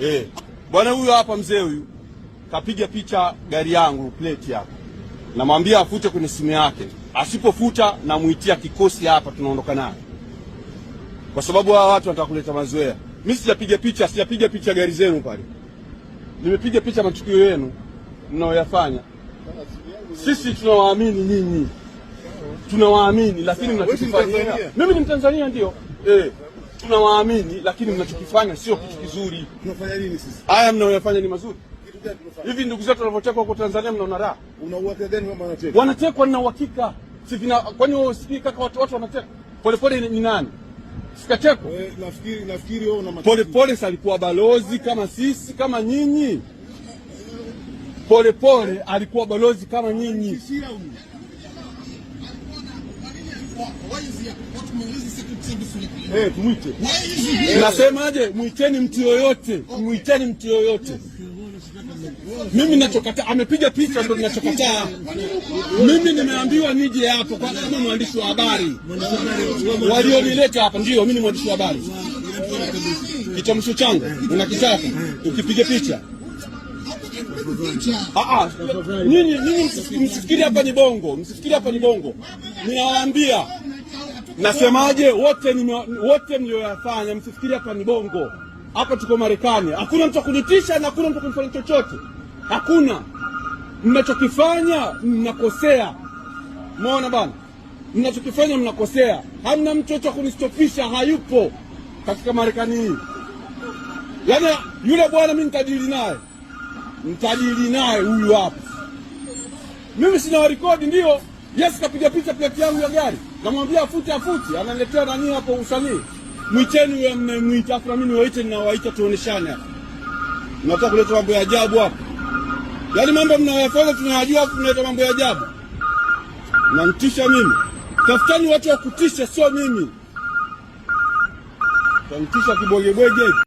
Eh, bwana huyu hapa mzee huyu kapiga picha gari yangu plate hapa. Namwambia afute kwenye simu yake. Asipofuta namuitia kikosi hapa tunaondoka naye. Kwa sababu hawa watu wanataka kuleta mazoea. Mimi sijapiga picha, sijapiga picha gari zenu pale. Nimepiga picha matukio yenu mnaoyafanya. Sisi tunawaamini nyinyi. Tunawaamini lakini mnatufanyia. Mimi ni Mtanzania ndio. Eh tunawaamini, lakini mnachokifanya sio kitu kizuri. Tunafanya nini sisi? Haya mnayoyafanya ni mazuri? Hivi ndugu zetu wanavyotekwa huko Tanzania, mnaona raha? Una uhakika gani kwamba wanatekwa? Wanatekwa na uhakika. Kwani wewe usikii kaka, watu watu wanatekwa polepole. Ni nani sikatekwa? Eh, nafikiri nafikiri wewe una matatizo. Polepole alikuwa balozi kama sisi kama nyinyi, polepole alikuwa balozi kama nyinyi. Hey, Nasemaje? Mwiteni mtu yoyote, mwiteni mtu yoyote. Mimi ninachokataa amepiga picha, ndo ninachokataa mimi. Nimeambiwa nije hapo kwa kama mwandishi wa habari, walionileta hapa ndio mimi. Ni mwandishi wa habari, kitamsho changu unakitaka ukipige picha ah, ah. Nini, Msifikiri hapa ni bongo, msifikiri hapa ni bongo ninawaambia, nasemaje? Wote wote mlioyafanya, msifikiri hapa ni Bongo, hapa tuko Marekani. Hakuna mtu akunitisha na hakuna mtu akunifanya chochote, hakuna. Mnachokifanya mnakosea, umeona bana, mnachokifanya mnakosea. Hamna mtu yote kunistopisha, hayupo katika Marekani hii. Yaani yule bwana mimi nitajili naye, nitajili naye huyu hapa. Mimi sina warikodi ndio Yes, kapiga picha plate yangu ya gari, namwambia afute, afute, ananiletea nani hapo usanii. Mwiteni huyo mnayemwita, afu na mimi niwaite, ninawaita, tuoneshane hapa. Mnataka kuleta mambo ya ajabu hapa, yaani mambo mnayofanya tunayajua, afu tunaleta mambo ya ajabu. Mnanitisha mimi? Tafutani watu wa kutisha, sio mimi. Tanitisha kibwegebwege.